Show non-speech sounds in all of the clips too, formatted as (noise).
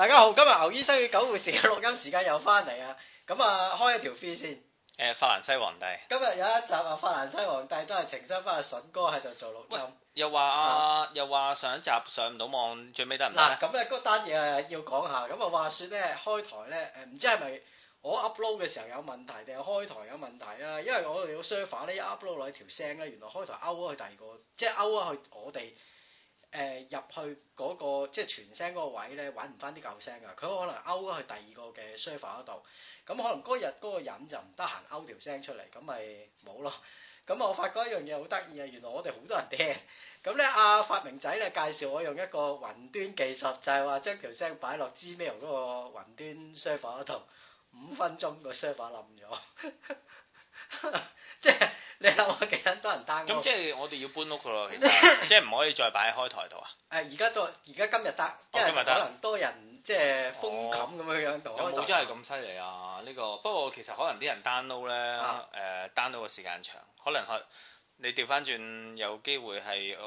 大家好，今日牛醫生與狗護士嘅錄音時間又翻嚟啊！咁啊，開一條飛先。誒、呃，法蘭西皇帝。今日有一集啊，法蘭西皇帝都係情商翻阿筍哥喺度做錄音。又話說啊，嗯、又話上一集上唔到網，最尾得唔得？嗱、啊，咁咧嗰單嘢要講下。咁啊，話説咧開台咧，誒唔知係咪我 upload 嘅時候有問題定係開台有問題啊？因為我哋個 server，咧一 upload 落去條聲咧，原來開台 out 咗去第二個，即係 out 咗去我哋。誒入、呃、去嗰、那個即係全聲嗰個位咧，揾唔翻啲舊聲啊！佢可能勾咗去第二個嘅 server 度，咁、嗯、可能嗰日嗰個人就唔得閒勾條聲出嚟，咁咪冇咯。咁、嗯、我發覺一樣嘢好得意啊！原來我哋好多人聽，咁咧阿發明仔咧介紹我用一個雲端技術，就係話將條聲擺落 Gmail 嗰個雲端 server 度，五分鐘個 server 冧咗。 (laughs) 即係 (laughs) 你諗下幾多人 down 咁，即係我哋要搬屋噶咯，其實即係唔可以再擺喺開台度啊！誒，而家都，而家今日得，今日、哦、可能多人即係風感咁樣、哦、樣度，有冇真係咁犀利啊？呢、呢個不過其實可能啲人 download 咧誒 download 嘅時間長，可能可你調翻轉有機會係誒、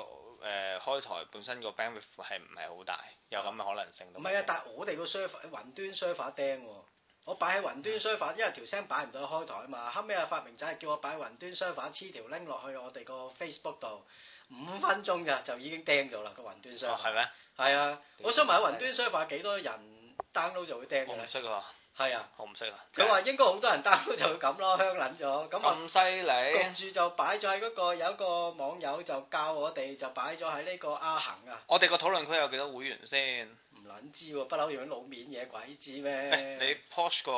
呃、開台本身個 bandwidth 係唔係好大，有咁嘅可能性都唔係啊！但係我哋個 server 雲端 server 釘喎、哦。我擺喺雲端商 o 因為條聲擺唔到開台啊嘛，後尾啊發明仔叫我擺喺雲端商 o 黐條拎落去我哋個 Facebook 度，五分鐘咋，就已經釘咗啦個雲端商 o 係咩？係啊，我想問下雲端商 o f 幾多人 download 就會釘㗎啦。我唔識喎。係啊。我唔識啊。佢話應該好多人 download 就會咁咯，香撚咗。咁咁犀利。跟住就擺咗喺嗰個，有一個網友就教我哋就擺咗喺呢個阿行啊。我哋個討論區有幾多會員先？唔撚知喎、啊，不嬲用啲老面嘢鬼知咩、啊哎？你 post 個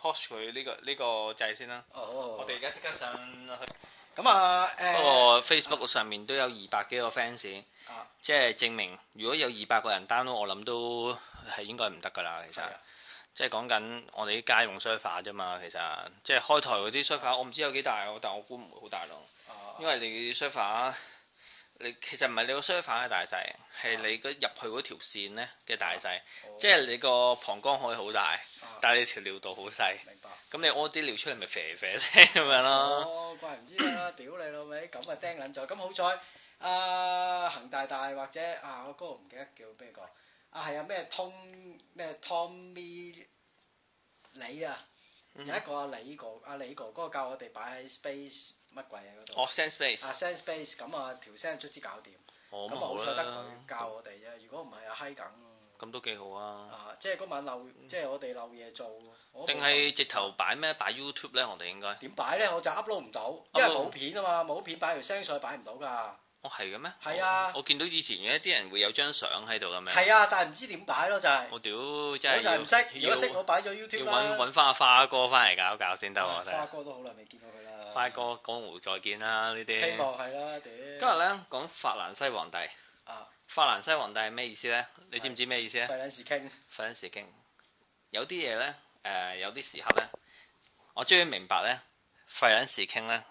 post 佢呢個呢、呢個掣、呢個、先啦。哦，oh, oh, oh. 我哋而家即刻上去。咁啊，誒、啊。不過 Facebook 上面都有二百幾個 fans，、啊、即係證明如果有二百個人 download，我諗都係應該唔得㗎啦。其實，即係講緊我哋啲家用 server 啫嘛。其實，即係開台嗰啲 server，、啊、我唔知有幾大，但我估唔會好大咯。啊、因為你 server。你其實唔係你個相反嘅大細，係你個入去嗰條線咧嘅大細，啊哦、即係你個膀胱可以好大，啊、但係你條尿道好細。明白。咁你屙啲尿出嚟咪肥肥聲咁樣咯。 (laughs) (laughs) 哦，怪唔知啦、啊， (coughs) 屌你老味，咁啊釘撚咗。咁好在啊、呃，恒大大或者啊，我嗰個唔記得叫咩個啊，係啊咩 Tom 咩 Tommy 你啊，有一個阿、啊嗯哼啊、李哥阿、啊、李哥哥、嗰個、教我哋擺喺 space。乜鬼啊嗰度？哦、oh,，Sense、啊、出 Space 啊，Sense Space 咁啊，條聲出資搞掂，哦，咁啊好彩得佢教我哋啫，如果唔係啊嗨梗。咁都幾好啊！啊，即係嗰晚漏，嗯、即係我哋漏嘢做。定係直頭擺咩？擺 YouTube 咧，我哋應該點擺咧？我就 upload 唔到，因為冇片啊嘛，冇片擺條聲，所以擺唔到噶。哦，係嘅咩？係啊！我見到以前嘅啲人會有張相喺度咁樣。係啊，但係唔知點擺咯，就係。我屌，真係！我就唔識，如果識我擺咗 YouTube 啦。搵搵翻阿花哥翻嚟搞搞先得、嗯。花哥都好耐未見過佢啦。花哥江湖再見啦，呢啲。希望係啦，屌。今日咧講法蘭西皇帝。啊。法蘭西皇帝係咩意思咧？你知唔知咩意思咧？費盡時傾。費盡時傾。有啲嘢咧，誒，有啲時候咧，我終於明白咧，費盡時傾咧。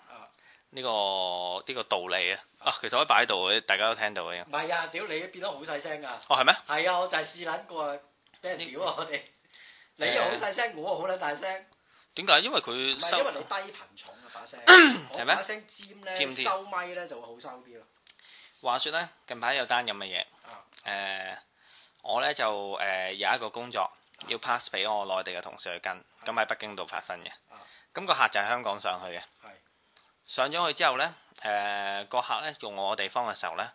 呢個呢個道理啊！啊，其實我擺喺度，大家都聽到嘅。唔係啊！屌你，變得好細聲㗎。哦，係咩？係啊，我就係試撚過俾人屌啊！我哋你又好細聲，我又好撚大聲。點解？因為佢收，因為你低頻重嘅把聲。係咩？把聲尖咧，收咪咧就會好收啲咯。話說咧，近排有單咁嘅嘢。啊。誒，我咧就誒有一個工作要 pass 俾我內地嘅同事去跟，咁喺北京度發生嘅。咁個客就係香港上去嘅。係。上咗去之後呢，誒個客呢用我地方嘅時候呢，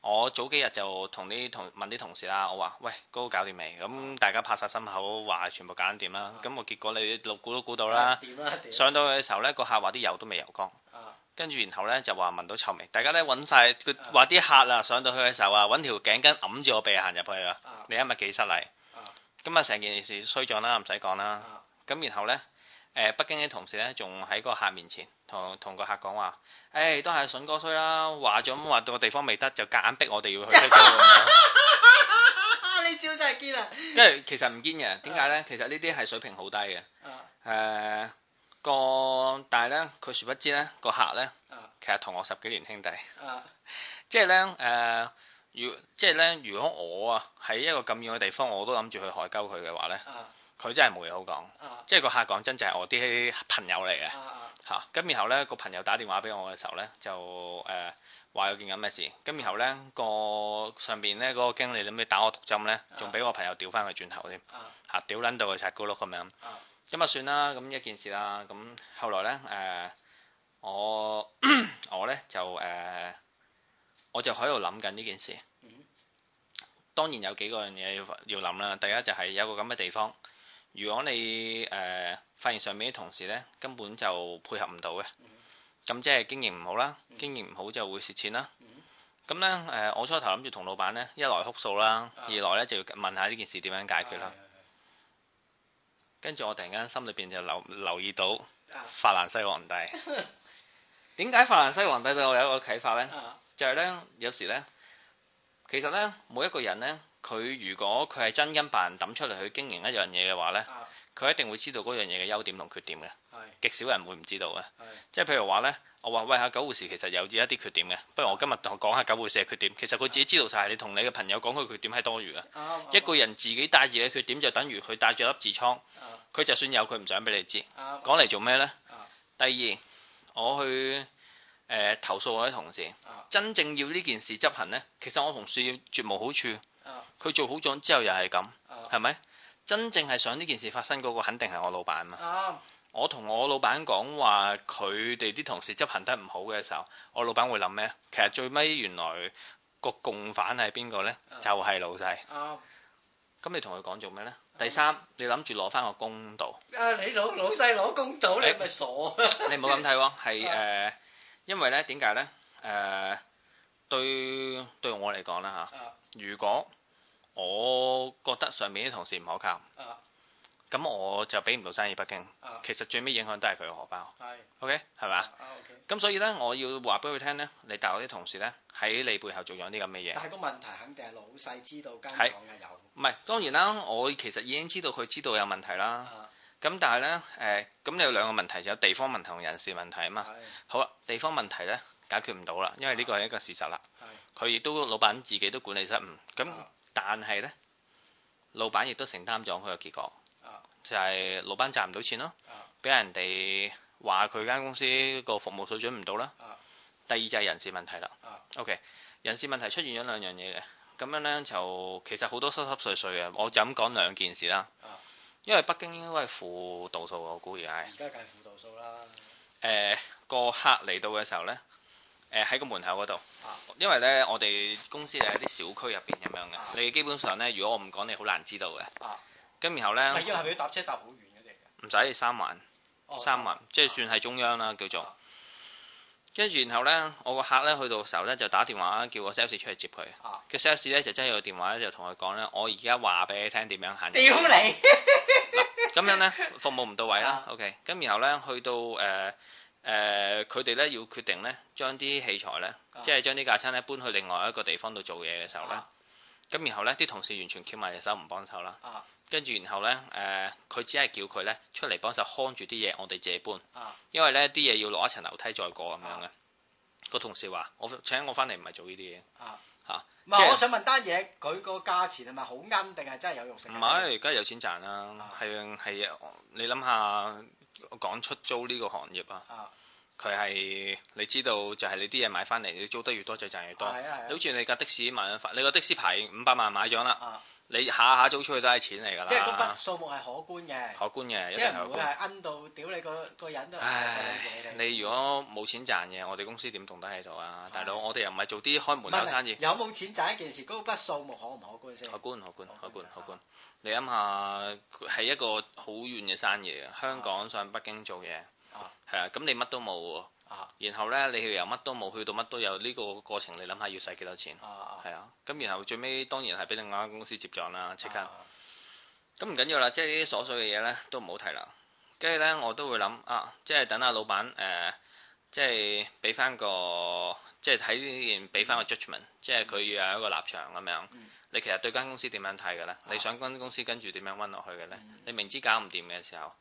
我早幾日就同啲同問啲同事啦，我話：喂，嗰個搞掂未？咁大家拍晒心口話全部搞緊掂啦。咁我結果你老估都估到啦。上到去嘅時候呢，個客話啲油都未油乾。跟住然後呢，就話聞到臭味，大家呢，揾晒，佢話啲客啊上到去嘅時候啊，揾條頸巾揞住我鼻行入去啊，你今咪幾失禮。啊。咁啊，成件事衰咗啦，唔使講啦。啊。咁然後呢。誒，北京嘅同事咧，仲喺個客面前同同個客講話，誒、哎，都係筍哥衰啦，話咗咁話，到個地方未得，就夾硬逼我哋要去。 (laughs) 你招真係堅啊！即係其實唔堅嘅，點解咧？其實呢啲係、uh, 水平好低嘅。誒、uh,，個但係咧，佢殊不知咧，個客咧，其實同我十幾年兄弟。即係咧，誒、呃，如即係咧，如果我啊喺一個咁遠嘅地方，我都諗住去海溝佢嘅話咧。Uh, 佢真係冇嘢好講，啊、即係個客講真就係我啲朋友嚟嘅，吓咁、啊啊、然後呢個朋友打電話俾我嘅時候呢，就誒話、呃、有件咁嘅事，咁然後呢個上邊呢嗰、那個經理諗住打我毒針呢？仲俾、啊、我朋友屌翻佢轉頭添，吓屌捻到佢賊高碌咁樣，咁啊就算啦，咁一件事啦，咁後來呢，誒、呃、我 (laughs) 我呢就誒、呃、我就喺度諗緊呢件事，嗯、當然有幾個樣嘢要要諗啦，第一就係有個咁嘅地方。如果你誒發現上面啲同事咧根本就配合唔到嘅，咁即係經營唔好啦，經營唔好就會蝕錢啦。咁咧誒，我初頭諗住同老闆咧一來哭訴啦，二來咧就要問下呢件事點樣解決啦。跟住我突然間心裏邊就留留意到法蘭西皇帝。點解法蘭西皇帝對我有一個啟發咧？就係咧有時咧，其實咧每一個人咧。佢如果佢係真金白銀抌出嚟去經營一樣嘢嘅話呢，佢、啊、一定會知道嗰樣嘢嘅優點同缺點嘅，極是少人會唔知道嘅。是即係譬如話呢：我「我話喂下、啊、狗護士其實有有一啲缺點嘅，不如我今日同講下狗護士嘅缺點。其實佢自己知道晒，你同你嘅朋友講佢缺點係多餘嘅。啊啊、一個人自己帶住嘅缺點就等於佢帶住粒痔瘡，佢、啊、就算有佢唔想俾你知，講嚟做咩呢？第二，呃呃、訴我去投訴我啲同事，真正要呢件事執行呢，其實我同事絕無好處。佢做好咗之後又係咁，係咪真正係想呢件事發生嗰個肯定係我老闆嘛？我同我老闆講話，佢哋啲同事執行得唔好嘅時候，我老闆會諗咩？其實最尾原來個共犯係邊個呢？就係老細。咁你同佢講做咩呢？第三，你諗住攞返個公道。啊！你老老細攞公道，你咪傻。你唔好咁睇，係誒，因為呢點解呢？誒，對對我嚟講啦嚇。如果我覺得上面啲同事唔可靠，咁、啊、我就俾唔到生意北京。啊、其實最尾影響都係佢個荷包。係是，OK，係咪？咁、啊 okay. 所以呢，我要話俾佢聽呢，你大陸啲同事呢，喺你背後做咗啲咁嘅嘢。但係個問題肯定係老細知道梗係講嘅有。唔係，當然啦，我其實已經知道佢知道有問題啦。咁、啊、但係呢，誒、呃，咁你有兩個問題，就有地方問題同人事問題啊嘛。是好啦，地方問題呢，解決唔到啦，因為呢個係一個事實啦。佢亦都老闆自己都管理失誤，咁、啊、但係呢，老闆亦都承擔咗佢嘅結果，啊、就係老闆賺唔到錢咯，俾、啊、人哋話佢間公司個服務水準唔到啦。啊、第二就係人事問題啦。啊、OK，人事問題出現咗兩樣嘢嘅，咁樣呢，就其實好多濕濕碎碎嘅，我就咁講兩件事啦。啊、因為北京應該係負度數，我估計。而家梗係負度數啦。誒、呃，個客嚟到嘅時候呢。誒喺個門口嗰度，因為咧我哋公司係喺啲小區入邊咁樣嘅，你基本上咧如果我唔講你好難知道嘅，咁然後咧，係咪搭車搭好遠嘅，唔使三環，三環即係算係中央啦叫做，跟住然後咧我個客咧去到時候咧就打電話叫我 sales 出去接佢，個 sales 咧就真係有電話咧就同佢講咧，我而家話俾你聽點樣行，屌你，咁樣咧服務唔到位啦，OK，咁然後咧去到誒。誒佢哋咧要決定咧，將啲器材咧，啊、即係將啲架撐咧搬去另外一個地方度做嘢嘅時候咧，咁、啊、然後咧啲同事完全翹埋隻手唔幫手啦，跟住、啊、然後咧誒，佢、呃、只係叫佢咧出嚟幫手看住啲嘢，我哋自己搬，啊、因為咧啲嘢要落一層樓梯再過咁、啊、樣嘅。個同事話：我請我翻嚟唔係做呢啲嘢啊，啊我想問單嘢，佢個價錢係咪好啱定係真係有肉食？唔係，而家有錢賺啦，係係，你諗下。講出租呢個行業啊，佢係、啊、你知道就係你啲嘢買翻嚟，你租得越多就賺越多。係啊係啊，好似你架的，的士買法，你個的，的士牌五百萬買咗啦。啊啊你下下租出去都係錢嚟㗎啦，即係嗰筆數目係可觀嘅，可觀嘅，即係唔會係奀到屌你個個人都唔做嘢嘅。你如果冇錢賺嘅，我哋公司點動得喺度啊？大佬，我哋又唔係做啲開門口生意，有冇錢賺一件事，嗰筆數目可唔可觀先？可觀可觀可觀可觀，你諗下，係一個好遠嘅生意嘅，香港上北京做嘢，係啊，咁你乜都冇。啊，然後咧，你由乜都冇去到乜都有呢個過程，你諗下要使幾多錢？啊啊係啊，咁然後最尾當然係俾另外間公司接撞啦，即刻。咁唔緊要啦，即係呢啲瑣碎嘅嘢咧，都唔好提啦。跟住咧，我都會諗啊，即係等下老闆誒，即係俾翻個，即係睇呢件俾翻個 judgment，即係佢要有一個立場咁樣。你其實對間公司點樣睇嘅咧？啊、你想間公司跟住點樣溫落去嘅咧？啊嗯嗯、你明知搞唔掂嘅時候。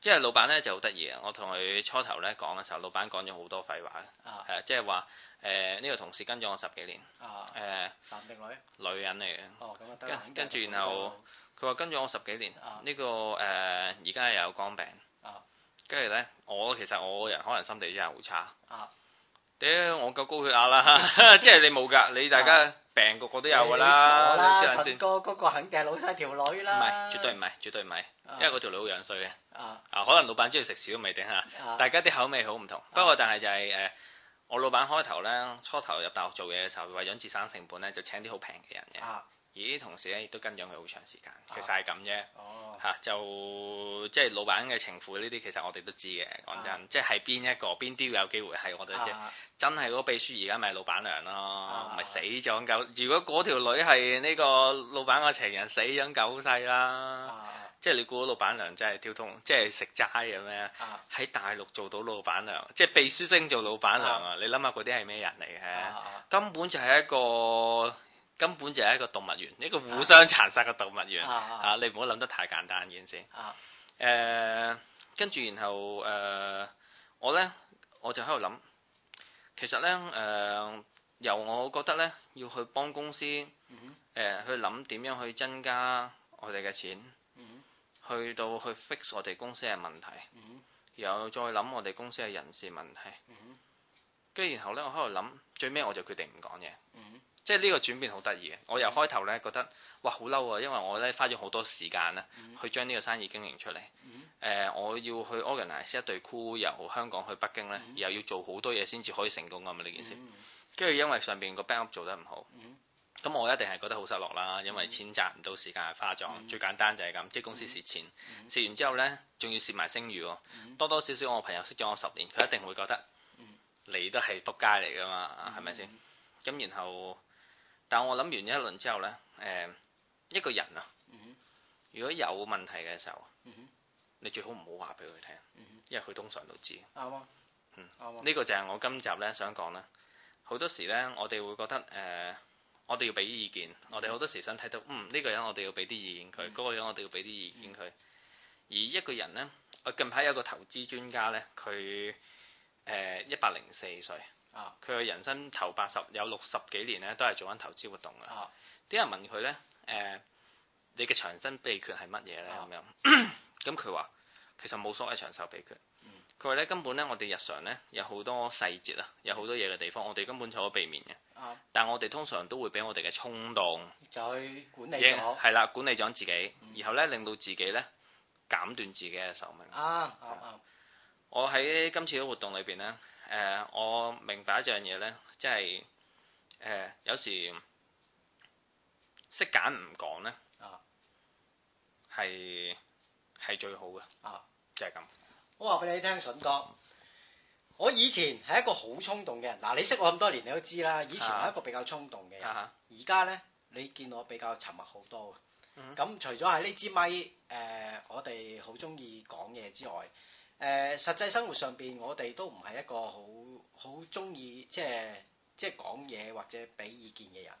即係老闆咧就好得意啊！我同佢初頭咧講嘅時候，老闆講咗好多廢話啊，係啊，即係話誒呢個同事跟咗我十幾年啊，誒，男定女？女人嚟嘅。哦，咁跟住然後佢話跟咗我十幾年，呢個誒而家又有肝病啊，跟住咧我其實我個人可能心地真係好差啊，屌我夠高血壓啦，即係你冇噶，你大家。病個個都有㗎啦，陳等哥個個肯定係老細條女啦。唔係，絕對唔係，絕對唔係，啊、因為個條女好樣衰嘅。啊，啊，可能老闆鍾意食少未定嚇，啊、大家啲口味好唔同。啊、不過但係就係、是、誒、呃，我老闆開頭咧，初頭入大學做嘢嘅時候，為咗節省成本咧，就請啲好平嘅人嘅。而啲同事咧亦都跟咗佢好長時間，其實係咁啫，嚇就即係老闆嘅情婦呢啲，其實我哋都知嘅。講真，即係邊一個邊啲會有機會係我哋啫？真係嗰個秘書而家咪老闆娘咯，咪死咗狗。如果嗰條女係呢個老闆嘅情人，死咗狗細啦。即係你估老闆娘真係跳通，即係食齋咁樣？喺大陸做到老闆娘，即係秘書升做老闆娘啊！你諗下嗰啲係咩人嚟嘅？根本就係一個。根本就係一個動物園，一個互相殘殺嘅動物園啊,啊,啊！你唔好諗得太簡單件事。誒、啊呃，跟住然後誒、呃，我呢，我就喺度諗，其實呢，誒、呃，由我覺得呢，要去幫公司，呃、去諗點樣去增加我哋嘅錢，去到去 fix 我哋公司嘅問題，然後再諗我哋公司嘅人事問題。跟住然後呢，我喺度諗，最尾我就決定唔講嘢。即係呢個轉變好得意嘅，我由開頭呢覺得哇好嬲啊，因為我呢，花咗好多時間呢去將呢個生意經營出嚟，誒我要去 organize 一隊 crew 由香港去北京呢，又要做好多嘢先至可以成功啊嘛呢件事，跟住因為上邊個 backup 做得唔好，咁我一定係覺得好失落啦，因為錢賺唔到，時間係花咗，最簡單就係咁，即係公司蝕錢，蝕完之後呢，仲要蝕埋聲譽，多多少少我朋友識咗我十年，佢一定會覺得你都係撲街嚟㗎嘛，係咪先？咁然後。但我諗完一輪之後呢，誒、呃、一個人啊，嗯、哼如果有問題嘅時候，嗯、哼你最好唔好話俾佢聽，嗯、哼因為佢通常都知。呢、嗯哼嗯這個就係我今集呢想講啦。好多時呢，我哋會覺得誒、呃，我哋要俾意見，嗯、哼我哋好多時想睇到，嗯呢、這個人我哋要俾啲意見佢，嗰、嗯、哼個人我哋要俾啲意見佢。嗯、哼而一個人呢，我近排有個投資專家呢，佢一百零四歲。岐佢嘅、啊、人生頭八十有六十幾年咧，都係做緊投資活動嘅。啲、啊、人問佢咧，誒，你嘅長生秘訣係乜嘢咧咁樣？咁佢話其實冇所謂長壽秘訣。佢話咧根本咧，我哋日常咧有好多細節啊，有好多嘢嘅地方，我哋根本就可以避免嘅。啊、但係我哋通常都會俾我哋嘅衝動、right，就去管理咗。係啦，管理咗自己，然後咧令到自己咧減短自己嘅壽命。啊，啊！啱、嗯、啱。我喺今次嘅活動裏邊咧。誒、呃，我明白一樣嘢咧，即係誒、呃、有時識揀唔講咧，係係、啊、最好嘅，啊、就係咁。我話俾你聽，筍哥，啊、我以前係一個好衝動嘅人，嗱、啊、你識我咁多年，你都知啦。以前係一個比較衝動嘅人，而家咧你見我比較沉默好多嘅。咁、嗯、哼除咗喺呢支咪，誒、呃，我哋好中意講嘢之外。誒，實際生活上邊，我哋都唔係一個好好中意即係即係講嘢或者俾意見嘅人。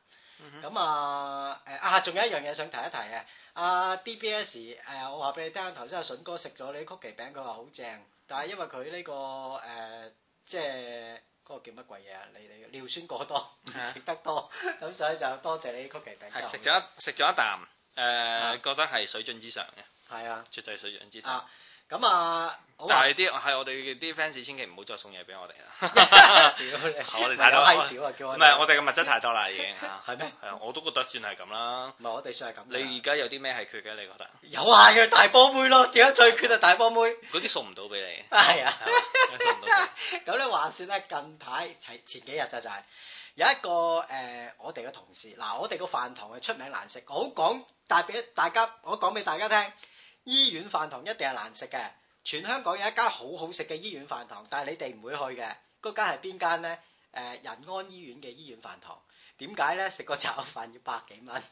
咁啊誒啊，仲有一樣嘢想提一提啊！阿 D B S 誒，我話俾你聽，頭先阿筍哥食咗你曲奇餅，佢話好正，但係因為佢呢個誒，即係嗰個叫乜鬼嘢啊？你你尿酸過多，食得多咁，所以就多謝你曲奇餅。食咗食咗一啖，誒，覺得係水準之上嘅，係啊，絕對水準之上咁啊～但係啲係我哋啲 fans 千祈唔好再送嘢俾我哋啦，我哋太多屌啊！叫我唔係我哋嘅物質太多啦已經嚇，係咩 (laughs) 嗎？係啊，我都覺得算係咁啦。唔係我哋算係咁。你而家有啲咩係缺嘅？你覺得有啊，嘅大波妹咯，而家最缺啊大波妹。嗰啲送唔到俾你，係啊，送唔到。咁咧 (laughs) (laughs) (laughs) 話説咧，近排係前幾日就就係、係有一個誒、呃，我哋嘅同事嗱，我哋個飯堂係出名難食。好講大俾大家，我講俾大家聽，醫院飯堂一定係難食嘅。全香港有一間好好食嘅醫院飯堂，但係你哋唔會去嘅。嗰間係邊間咧？呃，仁安醫院嘅醫院飯堂點解呢？食個炒飯要百幾蚊？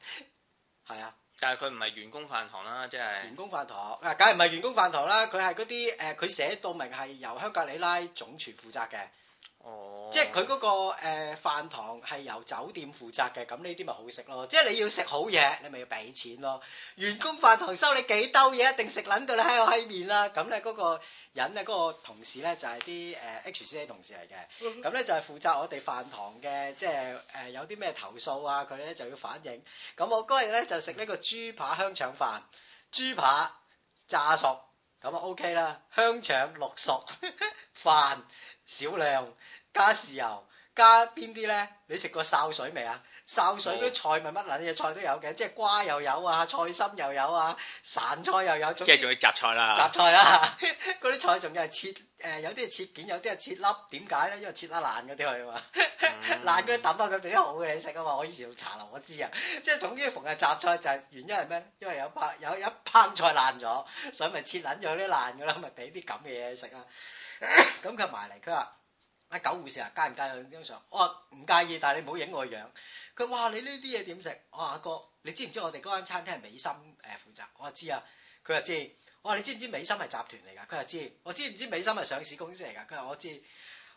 係 (laughs) 啊，但係佢唔係員工飯堂啦，即係員工飯堂嗱，梗係唔係員工飯堂啦？佢係嗰啲誒，佢、呃、寫到明係由香格里拉總廚負責嘅。哦即、嗰個，即係佢嗰個誒飯堂係由酒店負責嘅，咁呢啲咪好食咯。即係你要食好嘢，你咪要俾錢咯。員工飯堂收你幾兜嘢，一定食撚到你喺我氣面啦。咁咧嗰個人咧，嗰、嗰個同事咧就係啲誒 H C A 同事嚟嘅，咁咧 (laughs) 就係、係、負責我哋飯堂嘅，即係誒、呃、有啲咩投訴啊，佢咧就要反映。咁我嗰日咧就食呢個豬扒香腸飯，豬扒炸熟，咁啊 OK 啦，香腸六熟 (laughs) 飯。少量加豉油加邊啲咧？你食過潲水未啊？潲水嗰啲菜咪乜捻嘢菜都有嘅，即係瓜又有啊，菜心又有啊，散菜又有。即係仲要雜菜啦，雜 (laughs) 菜啦，嗰啲菜仲要係切誒，有啲係切件，有啲係切粒。點解咧？因為切得爛嗰啲去啊嘛，爛嗰啲抌翻佢俾啲好嘅你食啊嘛。我以前用茶樓我知啊，即係總之逢係雜菜就係、係、原因係咩咧？因為有班有一班菜爛咗，所以咪切捻咗啲爛嘅啦，咪俾啲咁嘅嘢食啊。咁佢埋嚟，佢話阿九護士啊，介唔介意影張相？我話唔介意，但係你唔好影我嘅樣。佢話，你呢啲嘢點食？我話阿哥，你知唔知我哋嗰間餐廳係美心誒負責？我話知啊。佢話知。我話你知唔知美心係集團嚟噶？佢話知。我知唔知美心係上市公司嚟噶？佢話我知。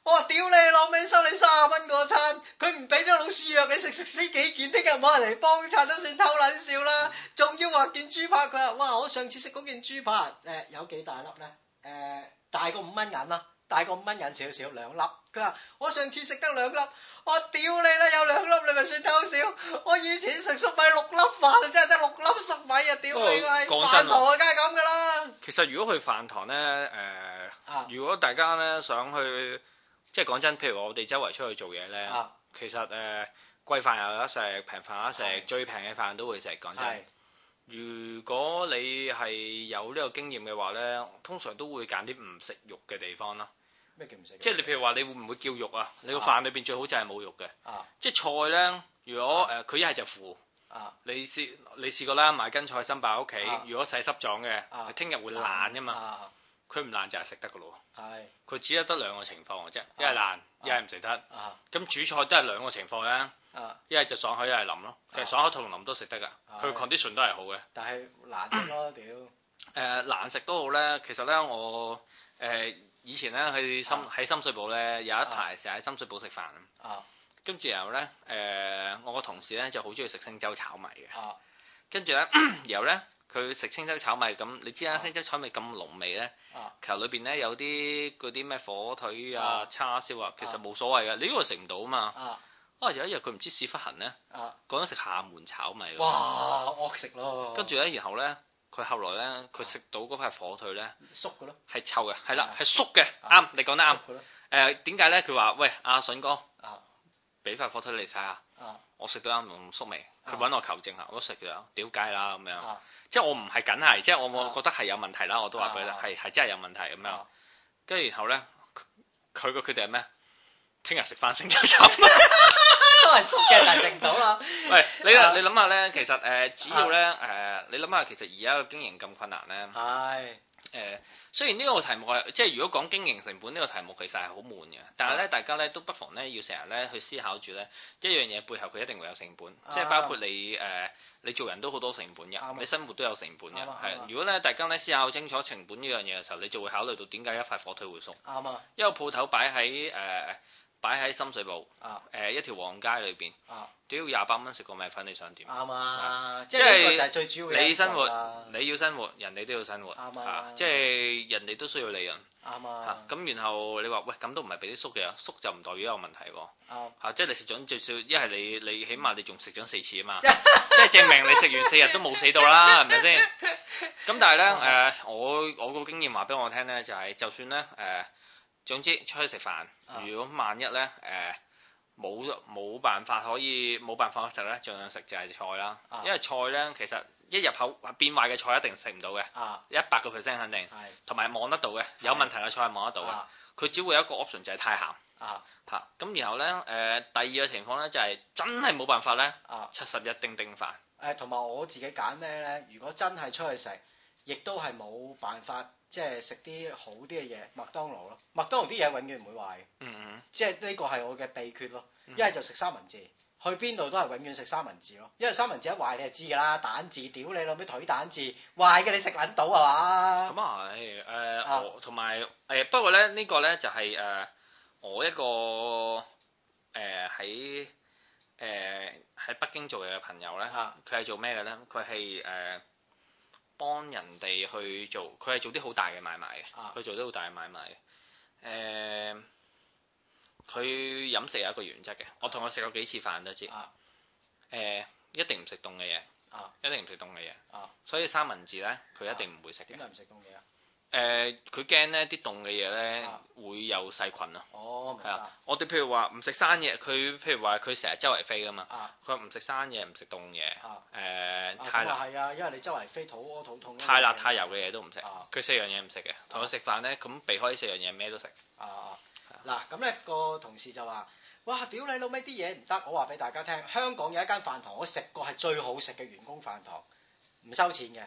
我話屌你，攞命收你卅蚊個餐，佢唔俾啲老鼠藥你食，食死幾件，聽日冇人嚟幫襯都算偷捻笑啦！仲要話件豬扒，佢話哇，我上次食嗰件豬扒誒有幾大粒咧？誒。大個五蚊銀啦，大個五蚊銀少少兩粒，佢話我上次食得兩粒，我屌你啦，有兩粒你咪算偷笑。我以前食粟米六粒飯，真係得六粒粟米啊，屌你個、呃、飯堂啊，梗係咁噶啦。其實如果去飯堂咧，誒、呃，啊、如果大家咧想去，即係講真，譬如我哋周圍出去做嘢咧，啊、其實誒、呃、貴飯有得食，平飯有得食，嗯、最平嘅飯都會食。講真。如果你係有呢個經驗嘅話呢，通常都會揀啲唔食肉嘅地方啦。咩叫唔食？即係你譬如話，你會唔會叫肉啊？你個飯裏邊最好就係冇肉嘅。啊！即係菜呢。如果誒佢一係就腐。啊！你試你試過啦，買根菜心擺喺屋企，如果洗濕咗嘅，聽日會爛噶嘛。佢唔爛就係食得㗎咯。係。佢只有得兩個情況嘅啫，一係爛，一係唔食得。咁煮菜都係兩個情況啦。一係就爽口，一係腍咯。其實爽口同腍都食得噶，佢 condition 都係好嘅。但係難咯，屌！誒難食都好咧，其實咧我誒以前咧去深喺深水埗咧有一排成日喺深水埗食飯啊。跟住然後咧誒我個同事咧就好中意食星洲炒米嘅。跟住咧，然後咧佢食清州炒米咁，你知啦，星洲炒米咁濃味咧。其實裏邊咧有啲嗰啲咩火腿啊、叉燒啊，其實冇所謂嘅。你呢個食唔到啊嘛。啊！有一日佢唔知屎忽痕咧，講咗食廈門炒米，哇！惡食咯！跟住咧，然後咧，佢後來咧，佢食到嗰塊火腿咧，縮嘅咯，係臭嘅，係啦，係縮嘅，啱，你講得啱。誒點解咧？佢話：喂，阿筍哥，啊，俾塊火腿你睇下。我食到啱用縮味，佢揾我求證下，我都食咗，屌解啦咁樣。即係我唔係緊係，即係我我覺得係有問題啦，我都話佢係係真係有問題咁樣。跟住然後咧，佢個決定係咩？聽日食翻星洲茶，都係食嘅，但係食唔到啦。喂，你啊，你諗下咧，其實誒，只要咧誒，你諗下，其實而家嘅經營咁困難咧，係、呃、誒，雖然呢個題目係即係如果講經營成本呢個題目，其實係好悶嘅，但係咧，嗯、大家咧都不妨咧要成日咧去思考住咧，一樣嘢背後佢一定會有成本，即係包括你誒、嗯呃，你做人都好多成本嘅，嗯、你生活都有成本嘅，係。如果咧大家咧思考清楚成本呢樣嘢嘅時候，你就會考慮到點解一塊火腿會熟？啱啊，嗯嗯，因為鋪頭擺喺誒。擺喺深水埗，誒一條旺街裏邊，屌要廿八蚊食個米粉，你想點？啱啊，即係就係最主要嘅生活，你要生活，人哋都要生活，啱啊，即係人哋都需要利潤，啱啊，咁然後你話喂，咁都唔係俾啲叔嘅，叔就唔代表有問題喎，啱，吓，即係你食咗最少一係你你起碼你仲食咗四次啊嘛，即係證明你食完四日都冇死到啦，係咪先？咁但係咧誒，我我個經驗話俾我聽咧就係，就算咧誒。總之出去食飯，如果萬一咧，誒冇冇辦法可以冇辦法食咧，儘量食就係菜啦。啊、因為菜咧其實一入口變壞嘅菜一定食唔到嘅，一百個 percent 肯定。係是。同埋望得到嘅，有問題嘅菜係望得到嘅。佢是、啊、只會有一個 option 就係太鹹。啊。嚇。咁然後咧，誒、呃、第二個情況咧就係、是、真係冇辦法咧。啊。七十一丁丁飯。誒同埋我自己揀咧，如果真係出去食，亦都係冇辦法。即係食啲好啲嘅嘢，麥當勞咯，麥當勞啲嘢永遠唔會壞嘅，嗯，嗯即係呢個係我嘅秘訣咯，一係、嗯、就食三文治，去邊度都係永遠食三文治咯，因為三文治一壞你就知㗎啦，蛋治，屌你老味腿蛋治，壞嘅你食撚到係嘛？咁啊係，誒、嗯，同埋誒，不過咧呢、呢個咧就係、是、誒、uh, 我一個誒喺誒喺北京做嘢嘅朋友咧，佢、嗯、係、啊啊、做咩嘅咧？佢係誒。啊啊幫人哋去做，佢係做啲好大嘅買賣嘅，佢、啊、做啲好大嘅買賣嘅。誒、呃，佢飲食有一個原則嘅，我同佢食過幾次飯都知。誒、啊呃，一定唔食凍嘅嘢，啊、一定唔食凍嘅嘢。啊、所以三文治呢，佢一定唔會食嘅。點解唔食凍嘢啊？誒，佢驚、呃、呢啲凍嘅嘢咧會有細菌啊！哦，明白、啊啊。我哋譬如話唔食生嘢，佢譬如話佢成日周圍飛噶嘛，佢話唔食生嘢，唔食凍嘢。啊，呃、太啊，太辣係啊，因為你周圍飛肚屙肚痛。太辣太油嘅嘢都唔食，佢四樣嘢唔食嘅。同佢食飯咧，咁、啊、避開四樣嘢，咩都食。啊嗱，咁咧、啊啊個同事就話，哇，屌你老咩啲嘢唔得！我話俾大家聽，香港有一間飯堂，我食過係最好食嘅員工飯堂，唔收錢嘅。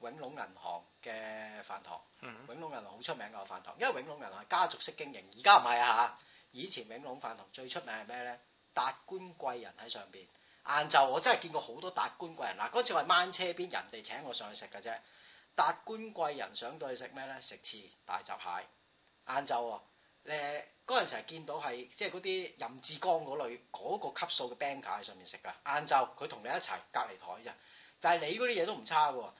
永隆銀行嘅飯堂，永隆銀行好出名個飯堂，因為永隆銀行家族式經營，而家唔係啊嚇。以前永隆飯堂最出名係咩咧？達官貴人喺上邊，晏晝我真係見過好多達官貴人嗱，嗰次我係纜車邊人哋請我上去食嘅啫。達官貴人上到去食咩咧？食翅、大閘蟹，晏晝啊，誒嗰陣時見到係即係嗰啲任志剛嗰類嗰個級數嘅 banker 喺上面食㗎。晏晝佢同你一齊隔離台啫，但係你嗰啲嘢都唔差㗎。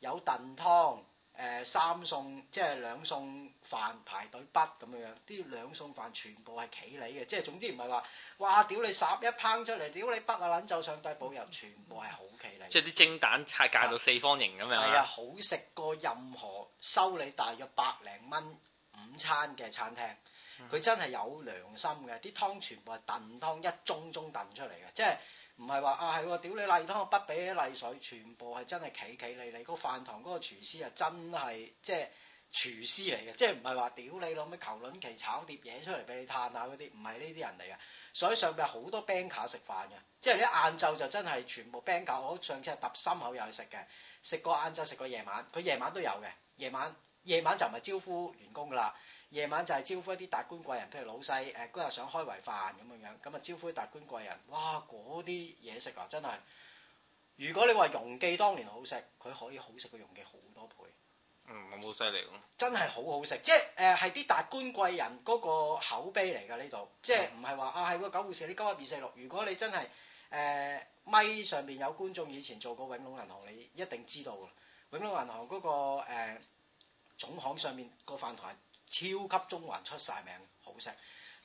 有燉湯，誒、呃、三餸，即係兩餸飯排隊畢咁樣樣，啲兩餸飯全部係企理嘅，即係總之唔係話，哇屌你十一烹出嚟，屌你畢啊撚就上帝保佑，全部係好企理。即係啲蒸蛋拆架到四方形咁樣。係、 (noise) 嗯嗯嗯嗯嗯嗯、啊，好食過任何收你大約百零蚊午餐嘅餐廳，佢真係有良心嘅，啲湯全部係燉湯一盅盅燉出嚟嘅，即係。唔係話啊係屌你例湯不俾例水，全部係真係企企理理，嗰個飯堂嗰個廚師啊，真係即係廚師嚟嘅，即係唔係話屌你攞咩求卵其炒碟嘢出嚟俾你嘆下嗰啲，唔係呢啲人嚟嘅。所以上邊好多 banker 食飯嘅，即係一晏晝就真係全部 banker，我上次係揼心口又去食嘅，食過晏晝食過夜晚，佢夜晚都有嘅，夜晚夜晚就唔係招呼員工㗎啦。夜晚就係招呼一啲達官貴人，譬如老細，誒嗰日想開圍飯咁樣樣，咁啊招呼啲達官貴人，哇嗰啲嘢食啊真係，如果你話容記當年好食，佢可以好食過容記好多倍。嗯，咁好犀利，嗯、真係好好食，即係誒係啲達官貴人嗰個口碑嚟噶呢度，即係唔係話啊係個狗護士，你雞一二四六。如果你真係誒咪上邊有觀眾以前做過永隆銀行，你一定知道噶永隆銀行嗰、嗰個誒、嗰個總，嗰個、總行上面，上面，嗰個飯台。超級中環出晒名，好食。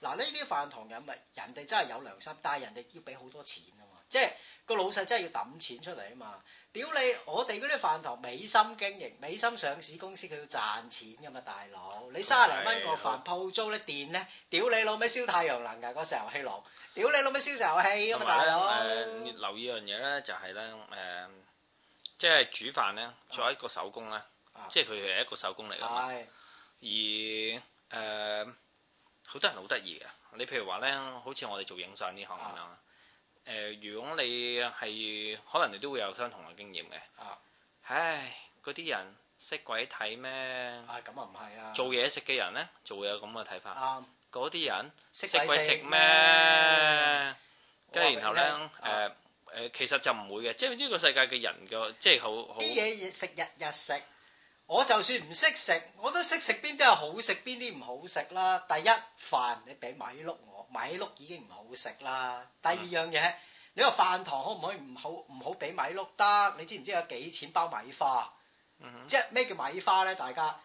嗱，呢啲飯堂飲物，人哋真係有良心，但係人哋要俾好多錢啊嘛，即係個老細真係要揼錢出嚟啊嘛。屌你，我哋嗰啲飯堂美心經營，美心上市公司，佢要賺錢噶嘛，大佬。你三廿零蚊個飯店，鋪租咧、電咧，屌你老味燒太陽能架個、啊、石油氣爐，屌、啊、你老味燒石油氣噶嘛，大佬哥。誒、呃，留意樣嘢咧，就係咧，誒，即係煮飯咧，作為一個手工咧，啊、即係佢係一個手工嚟噶嘛。而誒，好、呃、多人好得意嘅，你譬如話咧，好似我哋做影相呢行咁樣，誒、啊呃，如果你係，可能你都會有相同嘅經驗嘅。啊，唉，嗰啲人識鬼睇咩？啊，咁啊唔係啊。做嘢食嘅人咧，就會有咁嘅睇法。嗰啲、啊、人識鬼食咩？跟住、嗯、然後咧，誒誒、啊呃呃，其實就唔會嘅，即係呢個世界嘅人嘅，即係好好。啲嘢食日日食。日日我就算唔識食，我都識食邊啲係好食，邊啲唔好食啦。第一飯你俾米碌我，米碌已經唔好食啦。第二樣嘢，嗯、你個飯堂可唔可以唔好唔好俾米碌得？你知唔知有幾錢包米花？嗯嗯即係咩叫米花咧？大家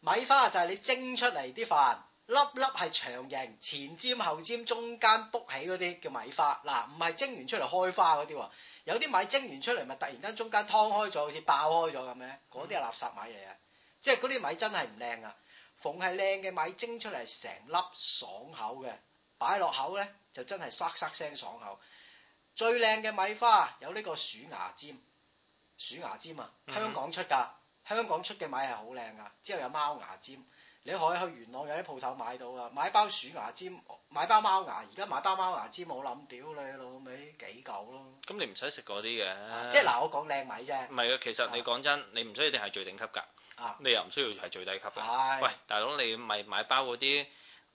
米花就係你蒸出嚟啲飯粒粒係長形、前尖後尖、中間卜起嗰啲叫米花。嗱，唔係蒸完出嚟開花嗰啲喎。有啲米蒸完出嚟，咪突然間中間湯開咗，好似爆開咗咁樣，嗰啲係垃圾米嚟嘅，即係嗰啲米真係唔靚啊。逢係靚嘅米，蒸出嚟成粒爽口嘅，擺落口咧就真係沙沙聲爽口。最靚嘅米花有呢個鼠牙尖，鼠牙尖啊，香港出㗎，mm hmm. 香港出嘅米係好靚噶，之後有貓牙尖。你可以去元朗有啲鋪頭買到啊！買包鼠牙尖，買包貓牙。而家買包貓牙尖冇諗，屌你老味幾舊咯！咁你唔使食嗰啲嘅，即係嗱，我講靚米啫。唔係啊，其實你講真，啊、你唔需要定係最頂級㗎啊！你又唔需要係最低級嘅。啊、喂，大佬，你咪買包嗰啲，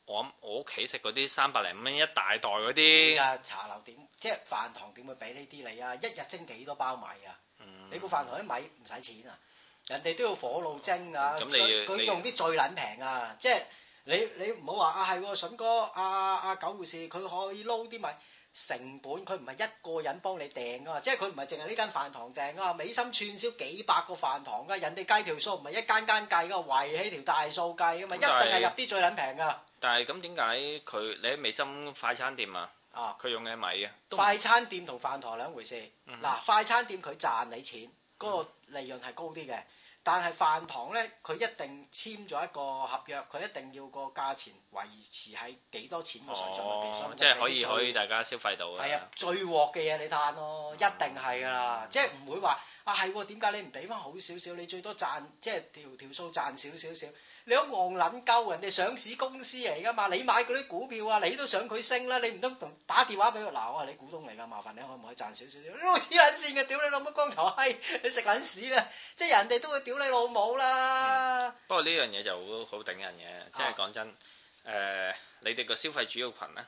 我我屋企食嗰啲三百零五蚊一大袋嗰啲。茶樓點？即係飯堂點會俾呢啲你啊？一日蒸幾多包米啊？嗯、你個飯堂啲米唔使錢啊！人哋都要火爐蒸啊！佢佢用啲最撚平啊！嗯、即係你你唔好話啊係，筍哥阿阿、啊啊、九護士佢可以撈啲米成本，佢唔係一個人幫你訂啊！即係佢唔係淨係呢間飯堂訂啊！美心串燒幾百個飯堂啊！人哋計條數唔係一間間計噶，圍起條大數計啊嘛，一定係入啲最撚平噶。但係咁點解佢你喺美心快餐店啊？啊！佢用嘅米啊？快餐店同飯堂兩回事。嗱，快餐店佢賺你錢。嗰個、嗯、利潤係高啲嘅，但係飯堂咧，佢一定簽咗一個合約，佢一定要個價錢維持喺幾多錢個水準入邊，即係、哦、可以可以大家消費到咯。係啊，最鑊嘅嘢你嘆咯，一定係㗎啦，即係唔會話啊係點解你唔俾翻好少少？你最多賺即係條條數賺少少少。你講戇撚鳩，人哋上市公司嚟噶嘛？你買嗰啲股票啊，你都想佢升啦，你唔通同打電話俾佢鬧？嗱，啊？你股東嚟噶，麻煩你，你可唔可以賺少少少、哎哎？你黐撚線嘅，屌你老母光頭閪，你食撚屎啦！即係人哋都會屌你老母啦。不過呢樣嘢就好好頂人嘅，即係講真，誒、啊呃，你哋個消費主要群咧，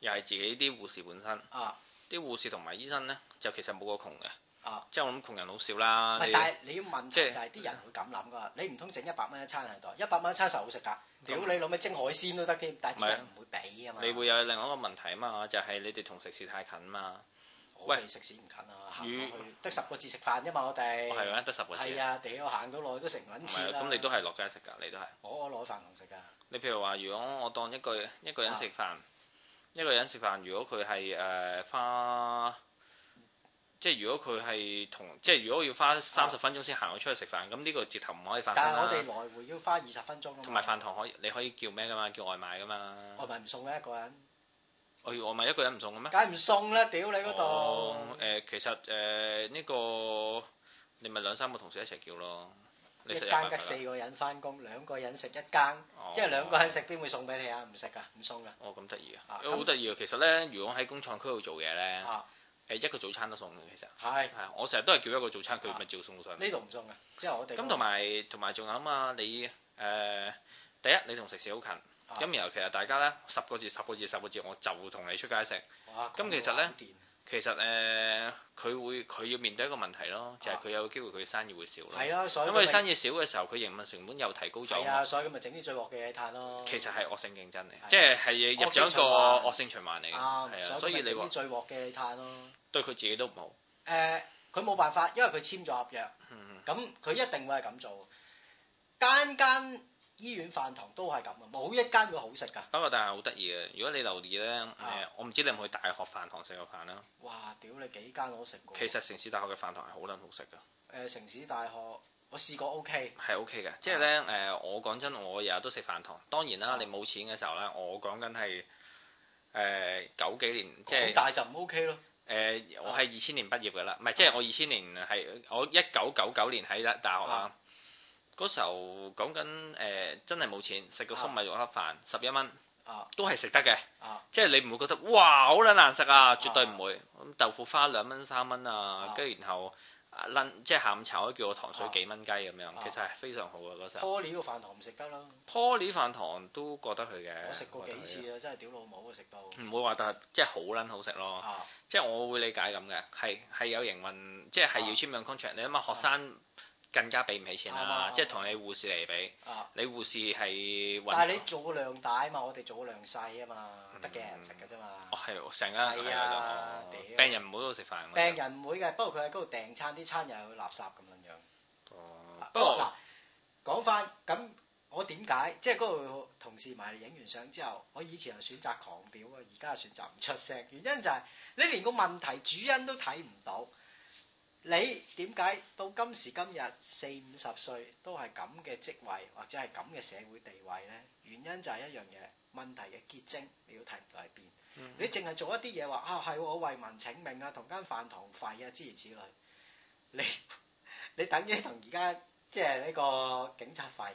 又係自己啲護士本身，啊，啲護士同埋醫生咧，就其實冇個窮嘅。啊！即係我諗窮人好少啦。但係你要問即就係啲人會咁諗噶。你唔通整一百蚊一餐喺度？一百蚊一餐實好食㗎。屌你老咩蒸海鮮都得嘅，但係唔會俾啊嘛。你會有另外一個問題啊嘛，就係你哋同食肆太近啊嘛。我食肆唔近啊，得十個字食飯啫嘛，我哋。係啊，得十個字。係啊，屌！行到耐都成揾錢。咁你都係落街食㗎？你都係。我攞飯同食㗎。你譬如話，如果我當一個一個人食飯，一個人食飯，如果佢係誒花。即係如果佢係同，即係如果要花三十分鐘先行我出去食飯，咁呢個折頭唔可以發生啦。但係我哋來回要花二十分鐘。同埋飯堂可以，你可以叫咩㗎嘛？叫外賣㗎嘛？外賣唔送咩？一個人。外外賣一個人唔送嘅咩？梗係唔送啦！屌你嗰度。哦。誒，其實誒呢個你咪兩三個同事一齊叫咯。一間隔四個人返工，兩個人食一間，即係兩個人食邊會送俾你啊？唔食㗎，唔送㗎。哦，咁得意啊！好得意啊！其實咧，如果喺工廠區度做嘢咧。啊。係一個早餐都送嘅，其實係係，我成日都係叫一個早餐，佢咪照送上。呢度唔送嘅，之後我哋咁同埋同埋仲有啊嘛，你誒第一你同食肆好近，咁然後其實大家咧十個字十個字十個字，我就同你出街食。咁其實咧，其實誒佢會佢要面對一個問題咯，就係佢有機會佢生意會少咯。係咯，所以因為生意少嘅時候，佢營運成本又提高咗嘛。係啊，所以咁咪整啲最旺嘅嘢攤咯。其實係惡性競爭嚟，即係係入咗一個惡性循環嚟嘅，係啊，所以你話最旺嘅攤咯。對佢自己都唔好。誒、呃，佢冇辦法，因為佢簽咗合約，咁佢、嗯嗯、一定會係咁做。間間醫院飯堂都係咁啊，冇一間會好食㗎。不過，但係好得意嘅，如果你留意咧，誒、啊呃，我唔知你有冇去大學飯堂食過飯啦。哇！屌你幾間我都食過。其實城市大學嘅飯堂係好撚好食㗎。誒、呃，城市大學我試過 OK。係 OK 嘅，即係咧誒，我講真，我日日都食飯堂。當然啦，嗯、你冇錢嘅時候咧，我講緊係誒九幾年即係大就唔 OK 咯。誒，呃啊、我係二千年畢業嘅啦，唔係，即係、啊、我二千年係我一九九九年喺得大學啊。嗰、啊、時候講緊誒、呃，真係冇錢，食個粟米肉粒飯十一蚊，啊、都係食得嘅，即係、啊、你唔會覺得哇好撚難食啊，絕對唔會。咁、啊、豆腐花兩蚊三蚊啊，跟住、啊、然後。即係下午茶可以叫個糖水幾蚊雞咁樣，其實係非常好嘅，嗰時候。Poly 個、啊、飯堂唔食得啦。Poly 飯堂都覺得佢嘅，我食過幾次啊，真係屌老母啊食到。唔會話但係即係好撚好食咯，即係我會理解咁嘅，係係有營運，即係係要簽名 contract。你諗下學生。啊啊更加俾唔起錢係咪？即係同你護士嚟比，你護士係，但係你做量大啊嘛，我哋做量細啊嘛，得幾十人食嘅啫嘛，哦係，成間啊，病人唔好喺度食飯，病人唔會嘅，不過佢喺嗰度訂餐，啲餐又有垃圾咁樣樣。哦，不過嗱，講翻咁，我點解即係嗰度同事埋嚟影完相之後，我以前係選擇狂表啊，而家又選擇唔出聲，原因就係你連個問題主因都睇唔到。你點解到今時今日四五十歲都係咁嘅職位或者係咁嘅社會地位呢？原因就係一樣嘢，問題嘅結晶，你都睇唔到喺邊。嗯嗯你淨係做一啲嘢話啊係我為民請命啊，同間飯堂廢啊，諸如此類。你你等於同而家即係呢個警察廢